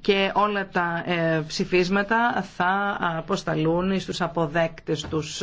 και όλα τα ε, ψηφίσματα θα αποσταλούν στους αποδέκτες τους.